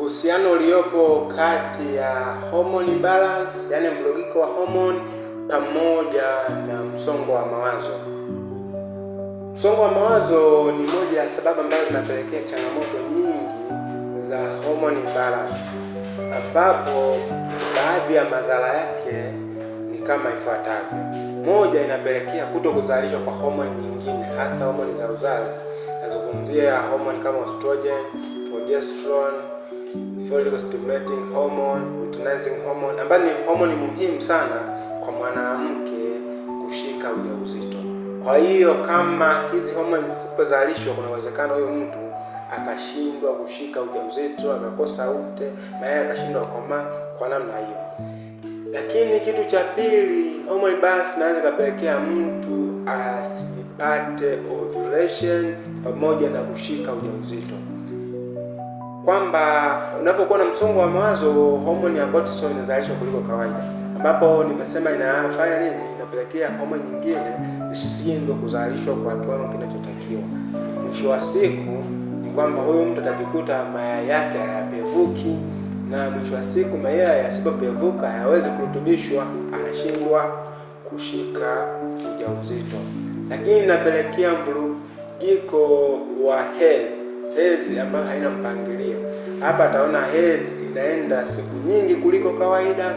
uhusiano uliopo kati ya hormone imbalance, yani mvurugiko wa hormone pamoja na msongo wa mawazo. Msongo wa mawazo ni moja ya sababu ambazo zinapelekea changamoto nyingi za hormone imbalance, ambapo baadhi ya madhara yake ni kama ifuatavyo: moja, inapelekea kuto kuzalishwa kwa hormone nyingine, hasa hormone za uzazi. Nazungumzia hormone kama estrogen, progesterone folate stimulating hormone, luteinizing hormone ambayo ni hormone muhimu sana kwa mwanamke kushika ujauzito. Kwa hiyo kama hizi hormone zisipozalishwa, kuna uwezekano huyo mtu akashindwa kushika ujauzito, akakosa ute, na yeye akashindwa kukomaa kwa namna hiyo. Lakini kitu cha pili, hormone basi naweza kapelekea mtu asipate ovulation pamoja na kushika ujauzito kwamba unapokuwa na msongo wa mawazo homoni ya cortisol inazalishwa kuliko kawaida, ambapo nimesema inafanya nini? Inapelekea homoni nyingine zisishindwe kuzalishwa kwa kiwango kinachotakiwa. Mwisho wa siku ni kwamba huyu mtu atajikuta mayai yake hayapevuki, na mwisho wa siku mayai yasipopevuka hayawezi kurutubishwa, anashindwa kushika ujauzito, lakini inapelekea mvurugiko wa hedhi hedhi ambayo haina mpangilio. Hapa ataona hedhi inaenda siku nyingi kuliko kawaida,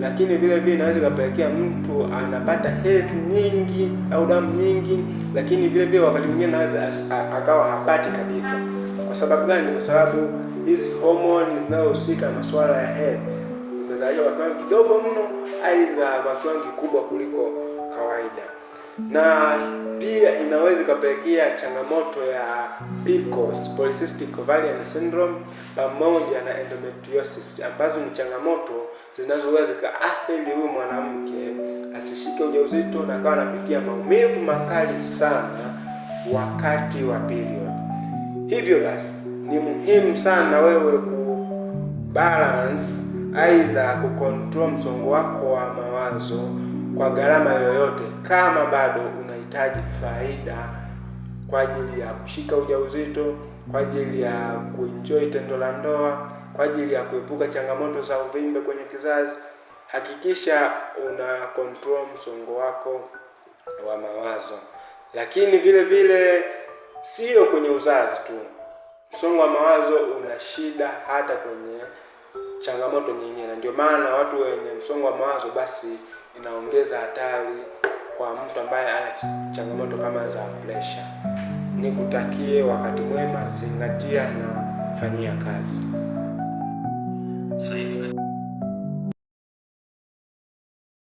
lakini vile vile inaweza ikapelekea mtu anapata hedhi nyingi au damu nyingi, lakini vile vile wakati mwingine anaweza akawa hapati kabisa. Kwa sababu gani? Kwa sababu hizi homoni zinazohusika na masuala ya hedhi zimezaliwa kwa kiwango kidogo mno, aidha kwa kiwango kikubwa kuliko kawaida na pia inaweza ikapelekea changamoto ya PCOS, polycystic ovarian syndrome, pamoja na endometriosis ambazo ni changamoto zinazoweza zikaathiri huyu mwanamke asishike ujauzito na akawa anapitia maumivu makali sana wakati wa period. Hivyo basi ni muhimu sana wewe ku balance, aidha kucontrol msongo wako wa mawazo kwa gharama yoyote, kama bado unahitaji faida kwa ajili ya kushika ujauzito, kwa ajili ya kuenjoy tendo la ndoa, kwa ajili ya kuepuka changamoto za uvimbe kwenye kizazi, hakikisha una control msongo wako wa mawazo. Lakini vile vile sio kwenye uzazi tu, msongo wa mawazo una shida hata kwenye changamoto nyingine. Ndio maana watu wenye msongo wa mawazo basi inaongeza hatari kwa mtu ambaye ana changamoto kama za pressure. Nikutakie wakati mwema, zingatia na fanyia kazi.